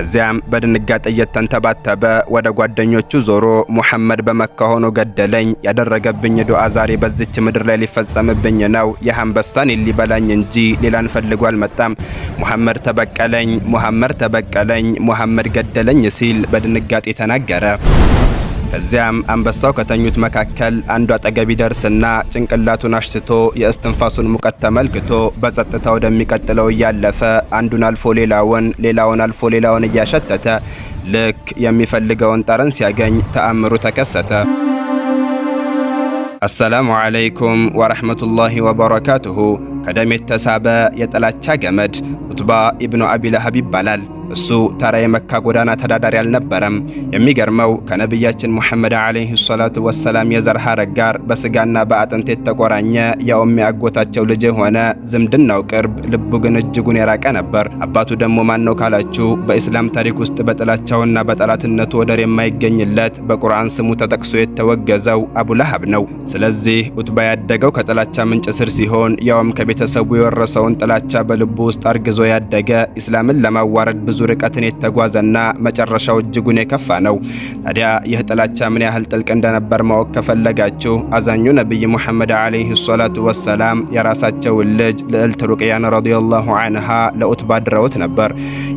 ከዚያም በድንጋጤ እየተንተባተበ ወደ ጓደኞቹ ዞሮ ሙሐመድ በመካ ሆኖ ገደለኝ። ያደረገብኝ ዱዓ ዛሬ በዚች ምድር ላይ ሊፈጸምብኝ ነው። የአንበሳን ሊበላኝ እንጂ ሌላን ፈልጎ አልመጣም። ሙሐመድ ተበቀለኝ፣ ሙሐመድ ተበቀለኝ፣ ሙሐመድ ገደለኝ ሲል በድንጋጤ ተናገረ። ከዚያም አንበሳው ከተኙት መካከል አንዱ አጠገቢ ደርስና ጭንቅላቱን አሽትቶ የእስትንፋሱን ሙቀት ተመልክቶ በጸጥታ ወደሚቀጥለው እያለፈ አንዱን አልፎ ሌላውን ሌላውን አልፎ ሌላውን እያሸተተ ልክ የሚፈልገውን ጠረን ሲያገኝ ተአምሩ ተከሰተ። አሰላሙ ዓለይኩም ወረሕመቱላሂ ወበረካቱሁ። ከደም የተሳበ የጥላቻ ገመድ ዑትባ ኢብኑ አቢ ለሀብ ይባላል። እሱ ተራ የመካ ጎዳና ተዳዳሪ አልነበረም። የሚገርመው ከነቢያችን ሙሐመድ ዓለይሂ ሰላቱ ወሰላም የዘር ሐረግ ጋር በስጋና በአጥንት የተቆራኘ ያውም አጎታቸው ልጅ የሆነ ዝምድናው ቅርብ፣ ልቡ ግን እጅጉን የራቀ ነበር። አባቱ ደግሞ ማን ነው ካላችሁ በኢስላም ታሪክ ውስጥ በጥላቻውና በጠላትነቱ ወደር የማይገኝለት በቁርአን ስሙ ተጠቅሶ የተወገዘው አቡላሃብ ነው። ስለዚህ ኡትባ ያደገው ከጥላቻ ምንጭ ስር ሲሆን ያውም ከቤተሰቡ የወረሰውን ጥላቻ በልቡ ውስጥ አርግዞ ያደገ ኢስላምን ለማዋረድ ብዙ ብዙ ርቀትን የተጓዘና መጨረሻው እጅጉን የከፋ ነው። ታዲያ ይህ ጥላቻ ምን ያህል ጥልቅ እንደነበር ማወቅ ከፈለጋችሁ አዛኙ ነቢይ ሙሐመድ ዓለይሂ ሰላቱ ወሰላም የራሳቸውን ልጅ ልዕልት ሩቅያን ረዲየላሁ አንሃ ለኡትባ ድረውት ነበር።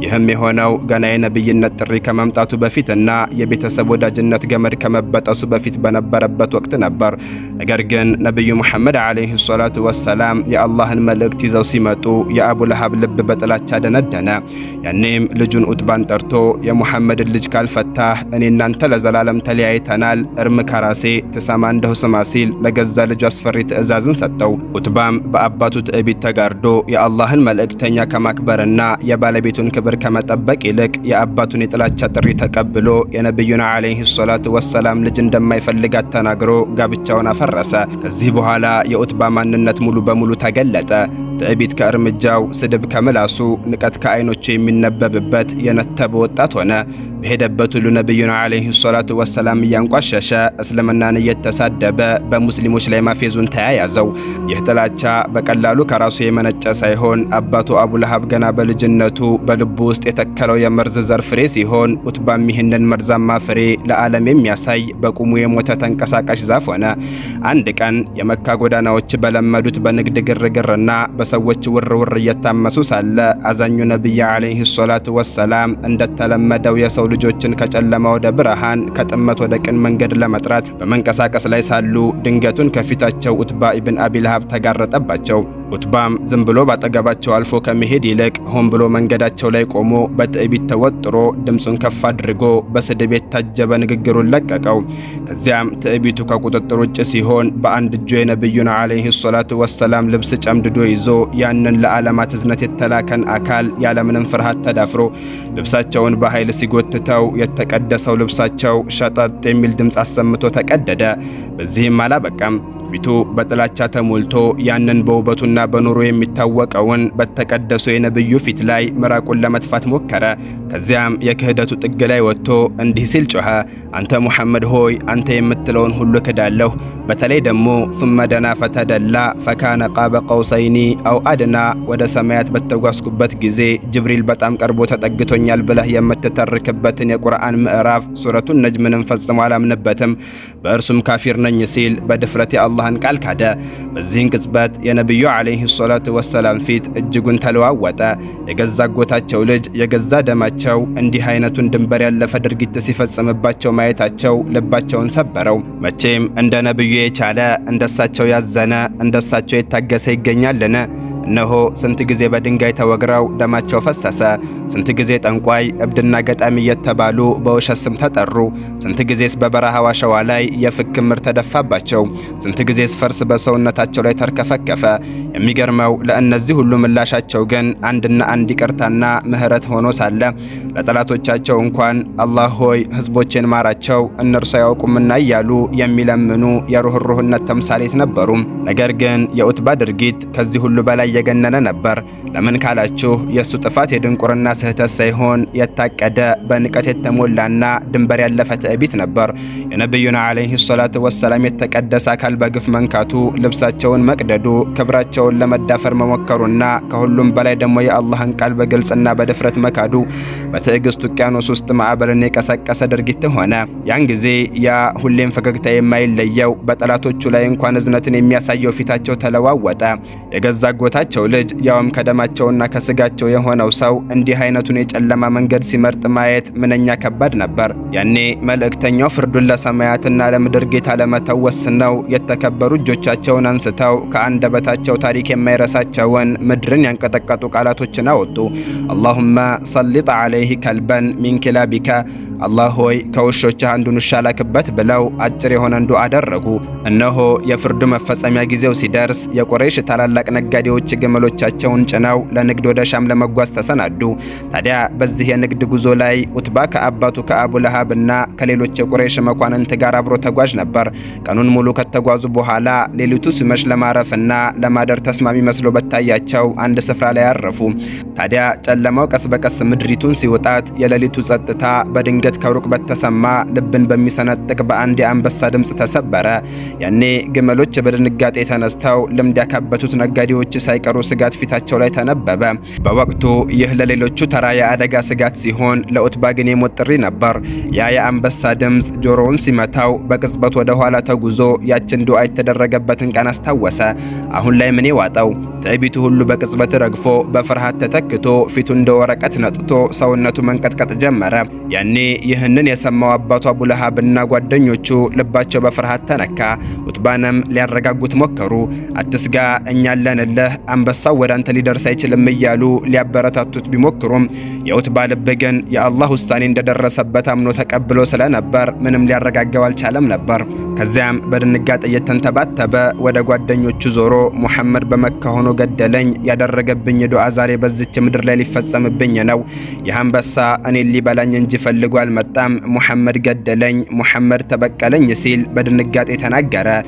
ይህም የሆነው ገና የነቢይነት ጥሪ ከመምጣቱ በፊትና የቤተሰብ ወዳጅነት ገመድ ከመበጠሱ በፊት በነበረበት ወቅት ነበር። ነገር ግን ነቢዩ ሙሐመድ ዓለይሂ ሰላቱ ወሰላም የአላህን መልእክት ይዘው ሲመጡ የአቡ ለሀብ ልብ በጥላቻ ደነደነ። ያኔም ልጁን ዑትባን ጠርቶ የሙሐመድን ልጅ ካልፈታህ እኔ እናንተ ለዘላለም ተለያይተናል፣ እርም ከራሴ ትሰማ እንደሁ ስማ ሲል ለገዛ ልጁ አስፈሪ ትእዛዝን ሰጠው። ኡትባም በአባቱ ትዕቢት ተጋርዶ የአላህን መልእክተኛ ከማክበርና የባለቤቱን ክብር ከመጠበቅ ይልቅ የአባቱን የጥላቻ ጥሪ ተቀብሎ የነቢዩን ዓለይሂ ሰላቱ ወሰላም ልጅ እንደማይፈልጋት ተናግሮ ጋብቻውን አፈረሰ። ከዚህ በኋላ የኡትባ ማንነት ሙሉ በሙሉ ተገለጠ። ትዕቢት ከእርምጃው፣ ስድብ ከምላሱ፣ ንቀት ከዓይኖቹ የሚነበብ ሲያድርበት የነተበ ወጣት ሆነ። በሄደበት ሁሉ ነቢዩና ዓለይሂ ሰላቱ ወሰላም እያንቋሸሸ እስልምናን እየተሳደበ በሙስሊሞች ላይ ማፌዙን ተያያዘው። ይህ ጥላቻ በቀላሉ ከራሱ የመነጨ ሳይሆን አባቱ አቡለሃብ ገና በልጅነቱ በልቡ ውስጥ የተከለው የመርዝ ዘር ፍሬ ሲሆን ኡትባም ይህንን መርዛማ ፍሬ ለዓለም የሚያሳይ በቁሙ የሞተ ተንቀሳቃሽ ዛፍ ሆነ። አንድ ቀን የመካ ጎዳናዎች በለመዱት በንግድ ግርግርና በሰዎች ውርውር እየታመሱ ሳለ አዛኙ ነቢይ ዓለይሂ ሰላቱ ወሰላም እንደተለመደው የሰው ልጆችን ከጨለማ ወደ ብርሃን ከጥመት ወደ ቅን መንገድ ለመጥራት በመንቀሳቀስ ላይ ሳሉ ድንገቱን ከፊታቸው ኡትባ ኢብን አቢ ለሃብ ተጋረጠባቸው። ቁትባም ዝም ብሎ ባጠገባቸው አልፎ ከመሄድ ይልቅ ሆን ብሎ መንገዳቸው ላይ ቆሞ በትዕቢት ተወጥሮ ድምፁን ከፍ አድርጎ በስድብ የታጀበ ንግግሩን ለቀቀው። ከዚያም ትዕቢቱ ከቁጥጥር ውጭ ሲሆን በአንድ እጁ የነቢዩን ዓለይሂ ሰላቱ ወሰላም ልብስ ጨምድዶ ይዞ ያንን ለዓለማት እዝነት የተላከን አካል ያለምንም ፍርሃት ተዳፍሮ ልብሳቸውን በኃይል ሲጎትተው የተቀደሰው ልብሳቸው ሸጠጥ የሚል ድምፅ አሰምቶ ተቀደደ። በዚህም አላበቃም። ፊቱ በጥላቻ ተሞልቶ ያንን በውበቱና በኑሮ የሚታወቀውን በተቀደሱ የነብዩ ፊት ላይ ምራቁን ለመትፋት ሞከረ። ከዚያም የክህደቱ ጥግ ላይ ወጥቶ እንዲህ ሲል ጮኸ፣ አንተ ሙሐመድ ሆይ አንተ የምትለውን ሁሉ ክዳለሁ። በተለይ ደግሞ ثم دنا فتدلى فكان قاب قوسين او ادنى ወደ ሰማያት በተጓዝኩበት ጊዜ ጅብሪል በጣም ቀርቦ ተጠግቶኛል ብለህ የምትተርክበትን የቁርአን ምዕራፍ ሱረቱን ነጅምንም ፈጽሞ አላምንበትም፣ በእርሱም ካፊር ነኝ ሲል በድፍረት የአላህን ቃል ካደ። በዚህን ቅጽበት የነብዩ ዓለይሂ ሰላቱ ወሰላም ፊት እጅጉን ተለዋወጠ። የገዛ ጎታቸው ልጅ የገዛ ደማቸው እንዲህ አይነቱን ድንበር ያለፈ ድርጊት ሲፈጽምባቸው ማየታቸው ልባቸውን ሰበረው። መቼም እንደ ነብዩ የቻለ እንደሳቸው ያዘነ እንደሳቸው የታገሰ ይገኛልን? እነሆ ስንት ጊዜ በድንጋይ ተወግረው ደማቸው ፈሰሰ። ስንት ጊዜ ጠንቋይ፣ እብድና ገጣሚ እየተባሉ በውሸት ስም ተጠሩ። ስንት ጊዜስ በበረሃው አሸዋ ላይ የፍግ ክምር ተደፋባቸው። ስንት ጊዜስ ፈርስ በሰውነታቸው ላይ ተርከፈከፈ። የሚገርመው ለእነዚህ ሁሉ ምላሻቸው ግን አንድና አንድ ይቅርታና ምህረት ሆኖ ሳለ ለጠላቶቻቸው እንኳን አላህ ሆይ ሕዝቦቼን ማራቸው እነርሱ አያውቁምና እያሉ የሚለምኑ የሩህሩህነት ተምሳሌት ነበሩ። ነገር ግን የኡትባ ድርጊት ከዚህ ሁሉ በላይ እየገነነ ነበር። ለምን ካላችሁ የእሱ ጥፋት የድንቁርና ስህተት ሳይሆን የታቀደ በንቀት የተሞላና ድንበር ያለፈ ትዕቢት ነበር። የነቢዩና ዓለይሂ ሰላቱ ወሰላም የተቀደሰ አካል በግፍ መንካቱ፣ ልብሳቸውን መቅደዱ፣ ክብራቸውን ለመዳፈር መሞከሩና ከሁሉም በላይ ደግሞ የአላህን ቃል በግልጽና በድፍረት መካዱ በትዕግስት ውቅያኖስ ውስጥ ማዕበልን የቀሰቀሰ ድርጊት ሆነ። ያን ጊዜ ያ ሁሌም ፈገግታ የማይለየው በጠላቶቹ ላይ እንኳን እዝነትን የሚያሳየው ፊታቸው ተለዋወጠ። የገዛ ጎታ የራሳቸው ልጅ ያውም ከደማቸውና ከስጋቸው የሆነው ሰው እንዲህ አይነቱን የጨለማ መንገድ ሲመርጥ ማየት ምንኛ ከባድ ነበር። ያኔ መልእክተኛው ፍርዱን ለሰማያትና ለምድር ጌታ ለመተው ወስነው የተከበሩ እጆቻቸውን አንስተው ከአንደበታቸው ታሪክ የማይረሳቸውን ምድርን ያንቀጠቀጡ ቃላቶችን አወጡ። አላሁማ ሰሊጥ አለይህ ከልበን ሚንኪላቢካ አላህ ሆይ ከውሾችህ አንዱን ውሻ ላክበት ብለው አጭር የሆነን ዱዓ አደረጉ። እነሆ የፍርዱ መፈጸሚያ ጊዜው ሲደርስ የቁረይሽ ታላላቅ ነጋዴዎች ግመሎቻቸውን ጭነው ለንግድ ወደ ሻም ለመጓዝ ተሰናዱ። ታዲያ በዚህ የንግድ ጉዞ ላይ ኡትባ ከአባቱ ከአቡ እና ከሌሎች የቁረይሽ መኳንንት ጋር አብሮ ተጓዥ ነበር። ቀኑን ሙሉ ከተጓዙ በኋላ ሌሊቱ ሲመሽ ለማረፍና ለማደር ተስማሚ መስሎ በታያቸው አንድ ስፍራ ላይ አረፉ። ታዲያ ጨለማው ቀስ በቀስ ምድሪቱን ሲውጣት የሌሊቱ ጸጥታ በድንገት ጩኸት ከሩቅ በተሰማ ልብን በሚሰነጥቅ በአንድ የአንበሳ ድምፅ ተሰበረ። ያኔ ግመሎች በድንጋጤ ተነስተው ልምድ ያካበቱት ነጋዴዎች ሳይቀሩ ስጋት ፊታቸው ላይ ተነበበ። በወቅቱ ይህ ለሌሎቹ ተራ የአደጋ ስጋት ሲሆን፣ ለኦትባ ግን የሞት ጥሪ ነበር። ያ የአንበሳ ድምፅ ጆሮውን ሲመታው በቅጽበት ወደ ኋላ ተጉዞ ያችን ዱዓ የተደረገበትን ቀን አስታወሰ። አሁን ላይ ምን ዋጠው? ትዕቢቱ ሁሉ በቅጽበት ረግፎ በፍርሃት ተተክቶ ፊቱ እንደ ወረቀት ነጥቶ ሰውነቱ መንቀጥቀጥ ጀመረ። ያኔ ይህንን የሰማው አባቱ አቡለሃብና ጓደኞቹ ልባቸው በፍርሃት ተነካ። ባነም ሊያረጋጉት ሞከሩ። አትስጋ፣ እኛ አለንልህ፣ አንበሳው ወደ አንተ ሊደርስ አይችልም እያሉ ሊያበረታቱት ቢሞክሩም የውትባ ልብ ግን የአላህ ውሳኔ እንደደረሰበት አምኖ ተቀብሎ ስለነበር ምንም ሊያረጋጋው አልቻለም ነበር። ከዚያም በድንጋጤ እየተንተባተበ ወደ ጓደኞቹ ዞሮ ሙሐመድ በመካ ሆኖ ገደለኝ ያደረገብኝ ዱዓ ዛሬ በዚች ምድር ላይ ሊፈጸምብኝ ነው። ይህ አንበሳ እኔን ሊበላኝ እንጂ ፈልጎ አልመጣም። ሙሐመድ ገደለኝ፣ ሙሐመድ ተበቀለኝ ሲል በድንጋጤ ተናገረ።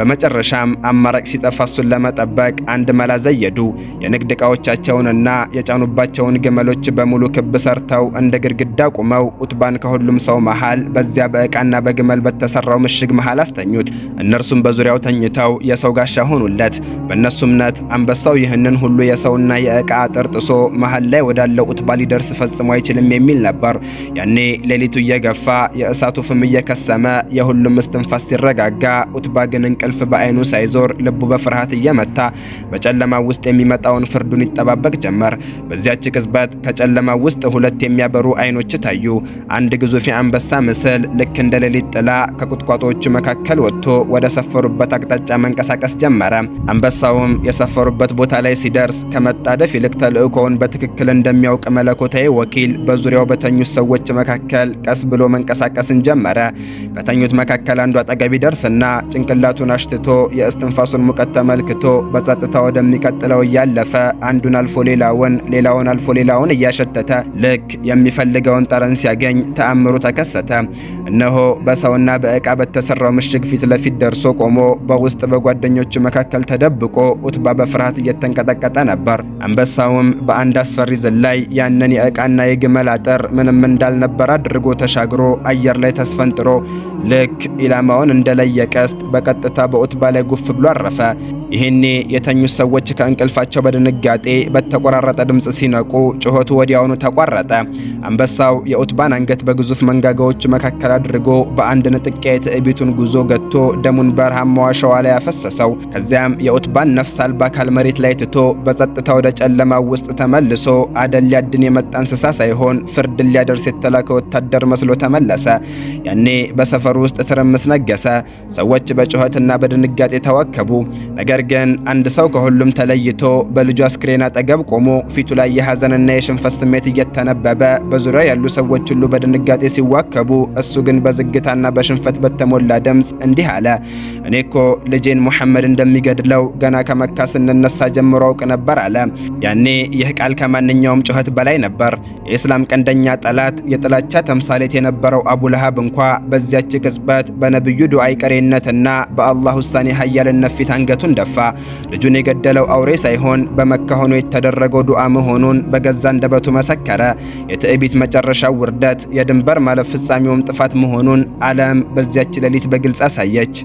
በመጨረሻም አማራጭ ሲጠፋ እሱን ለመጠበቅ አንድ መላ ዘየዱ። የንግድ እቃዎቻቸውንና የጫኑባቸውን ግመሎች በሙሉ ክብ ሰርተው እንደ ግድግዳ ቆመው ኡትባን ከሁሉም ሰው መሃል በዚያ በእቃና በግመል በተሰራው ምሽግ መሃል አስተኙት። እነርሱም በዙሪያው ተኝተው የሰው ጋሻ ሆኑለት። በእነሱ እምነት አንበሳው ይህንን ሁሉ የሰውና የእቃ አጥር ጥሶ መሃል ላይ ወዳለው ኡትባ ሊደርስ ፈጽሞ አይችልም የሚል ነበር። ያኔ ሌሊቱ እየገፋ የእሳቱ ፍም እየከሰመ የሁሉም እስትንፋስ ሲረጋጋ ኡትባ ግን እንቅል እንቅልፍ በአይኑ ሳይዞር ልቡ በፍርሃት እየመታ በጨለማ ውስጥ የሚመጣውን ፍርዱን ይጠባበቅ ጀመር። በዚያች ቅጽበት ከጨለማ ውስጥ ሁለት የሚያበሩ አይኖች ታዩ። አንድ ግዙፍ የአንበሳ ምስል ልክ እንደ ሌሊት ጥላ ከቁጥቋጦዎቹ መካከል ወጥቶ ወደ ሰፈሩበት አቅጣጫ መንቀሳቀስ ጀመረ። አንበሳውም የሰፈሩበት ቦታ ላይ ሲደርስ ከመጣደፍ ይልቅ ተልዕኮውን በትክክል እንደሚያውቅ መለኮታዊ ወኪል በዙሪያው በተኙት ሰዎች መካከል ቀስ ብሎ መንቀሳቀስን ጀመረ። ከተኙት መካከል አንዱ አጠገብ ይደርስና ጭንቅላቱን ራሱን አሽትቶ የእስትንፋሱን ሙቀት ተመልክቶ በጸጥታ ወደሚቀጥለው እያለፈ አንዱን አልፎ ሌላውን ሌላውን አልፎ ሌላውን እያሸተተ ልክ የሚፈልገውን ጠረን ሲያገኝ ተአምሩ ተከሰተ። እነሆ በሰውና በእቃ በተሰራው ምሽግ ፊት ለፊት ደርሶ ቆሞ በውስጥ በጓደኞቹ መካከል ተደብቆ ኡትባ በፍርሃት እየተንቀጠቀጠ ነበር። አንበሳውም በአንድ አስፈሪ ዝላይ ያንን የእቃና የግመል አጥር ምንም እንዳልነበር አድርጎ ተሻግሮ አየር ላይ ተስፈንጥሮ ልክ ኢላማውን እንደለየ ቀስት በቀጥታ በኦትባ ባለ ጉፍ ብሎ አረፈ። ይህኔ የተኙት ሰዎች ከእንቅልፋቸው በድንጋጤ በተቆራረጠ ድምፅ ሲነቁ ጩኸቱ ወዲያውኑ ተቋረጠ። አንበሳው የኦትባን አንገት በግዙፍ መንጋጋዎች መካከል አድርጎ በአንድ ንጥቂያ የትዕቢቱን ጉዞ ገጥቶ ደሙን በረሃማዋ ሸዋ ላይ ያፈሰሰው። ከዚያም የኦትባን ነፍስ አልባ አካል መሬት ላይ ትቶ በጸጥታ ወደ ጨለማው ውስጥ ተመልሶ አደል ሊያድን የመጣ እንስሳ ሳይሆን ፍርድ ሊያደርስ የተላከ ወታደር መስሎ ተመለሰ። ያኔ በሰፈሩ ውስጥ ትርምስ ነገሰ። ሰዎች በጩኸትና በፍርሃትና በድንጋጤ ተዋከቡ። ነገር ግን አንድ ሰው ከሁሉም ተለይቶ በልጁ አስክሬን አጠገብ ቆሞ ፊቱ ላይ የሐዘንና የሽንፈት ስሜት እየተነበበ፣ በዙሪያው ያሉ ሰዎች ሁሉ በድንጋጤ ሲዋከቡ፣ እሱ ግን በዝግታና በሽንፈት በተሞላ ድምፅ እንዲህ አለ። እኔ እኮ ልጄን ሙሐመድ እንደሚገድለው ገና ከመካ ስንነሳ ጀምሮ አውቅ ነበር አለ። ያኔ ይህ ቃል ከማንኛውም ጩኸት በላይ ነበር። የእስላም ቀንደኛ ጠላት፣ የጥላቻ ተምሳሌት የነበረው አቡ ለሃብ እንኳ በዚያች ቅጽበት በነብዩ ዱዓይ ቀሬነትና በአ በአላህ ውሳኔ ሀያልነት ፊት አንገቱን ደፋ። ልጁን የገደለው አውሬ ሳይሆን በመካሆኑ የተደረገው ዱዓ መሆኑን በገዛ አንደበቱ መሰከረ። የትዕቢት መጨረሻው ውርደት፣ የድንበር ማለፍ ፍጻሜውም ጥፋት መሆኑን ዓለም በዚያች ሌሊት በግልጽ አሳየች።